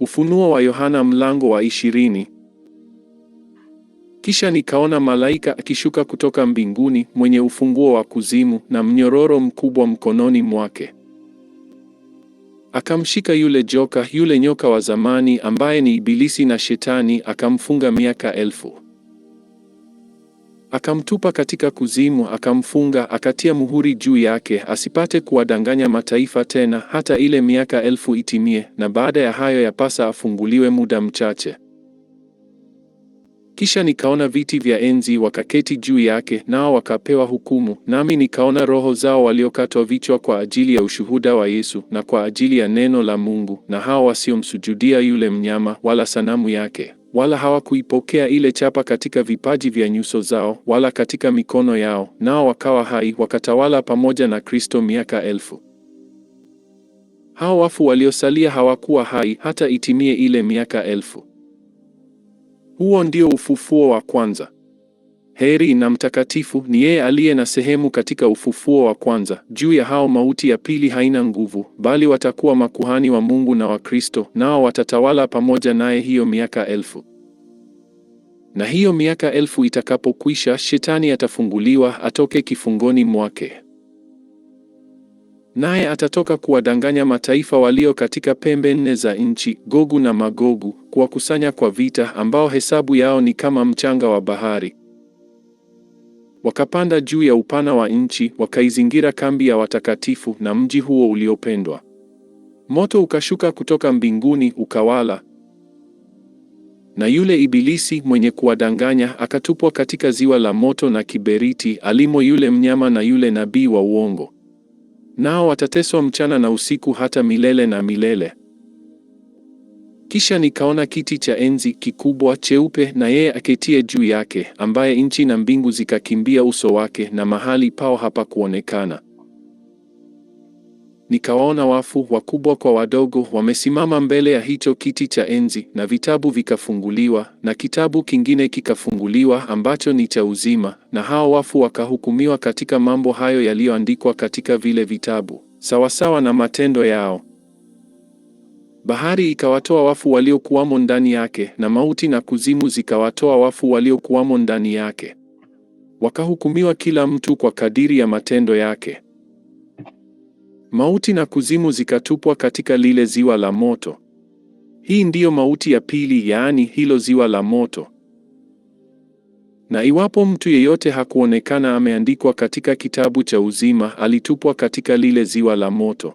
Ufunuo wa Yohana mlango wa ishirini. Kisha nikaona malaika akishuka kutoka mbinguni mwenye ufunguo wa kuzimu na mnyororo mkubwa mkononi mwake. Akamshika yule joka, yule nyoka wa zamani ambaye ni Ibilisi na Shetani, akamfunga miaka elfu. Akamtupa katika kuzimu, akamfunga, akatia muhuri juu yake, asipate kuwadanganya mataifa tena, hata ile miaka elfu itimie; na baada ya hayo yapasa afunguliwe muda mchache. Kisha nikaona viti vya enzi wakaketi juu yake, nao wakapewa hukumu. Nami nikaona roho zao waliokatwa vichwa kwa ajili ya ushuhuda wa Yesu na kwa ajili ya neno la Mungu, na hao wasiomsujudia yule mnyama wala sanamu yake wala hawakuipokea ile chapa katika vipaji vya nyuso zao wala katika mikono yao, nao wakawa hai wakatawala pamoja na Kristo miaka elfu. Hao wafu waliosalia hawakuwa hai hata itimie ile miaka elfu. Huo ndio ufufuo wa kwanza heri na mtakatifu ni yeye aliye na sehemu katika ufufuo wa kwanza. Juu ya hao mauti ya pili haina nguvu, bali watakuwa makuhani wa Mungu na wa Kristo, nao watatawala pamoja naye hiyo miaka elfu. Na hiyo miaka elfu itakapokwisha, shetani atafunguliwa atoke kifungoni mwake, naye atatoka kuwadanganya mataifa walio katika pembe nne za nchi, Gogu na Magogu, kuwakusanya kwa vita, ambao hesabu yao ni kama mchanga wa bahari. Wakapanda juu ya upana wa nchi, wakaizingira kambi ya watakatifu na mji huo uliopendwa. Moto ukashuka kutoka mbinguni ukawala, na yule Ibilisi mwenye kuwadanganya akatupwa katika ziwa la moto na kiberiti, alimo yule mnyama na yule nabii wa uongo. Nao watateswa mchana na usiku hata milele na milele. Kisha nikaona kiti cha enzi kikubwa cheupe na yeye aketie juu yake, ambaye nchi na mbingu zikakimbia uso wake, na mahali pao hapakuonekana. Nikawaona wafu wakubwa kwa wadogo wamesimama mbele ya hicho kiti cha enzi, na vitabu vikafunguliwa, na kitabu kingine kikafunguliwa ambacho ni cha uzima, na hao wafu wakahukumiwa katika mambo hayo yaliyoandikwa katika vile vitabu, sawasawa na matendo yao. Bahari ikawatoa wafu waliokuwamo ndani yake, na mauti na kuzimu zikawatoa wafu waliokuwamo ndani yake. Wakahukumiwa kila mtu kwa kadiri ya matendo yake. Mauti na kuzimu zikatupwa katika lile ziwa la moto. Hii ndiyo mauti ya pili, yaani hilo ziwa la moto. Na iwapo mtu yeyote hakuonekana ameandikwa katika kitabu cha uzima, alitupwa katika lile ziwa la moto.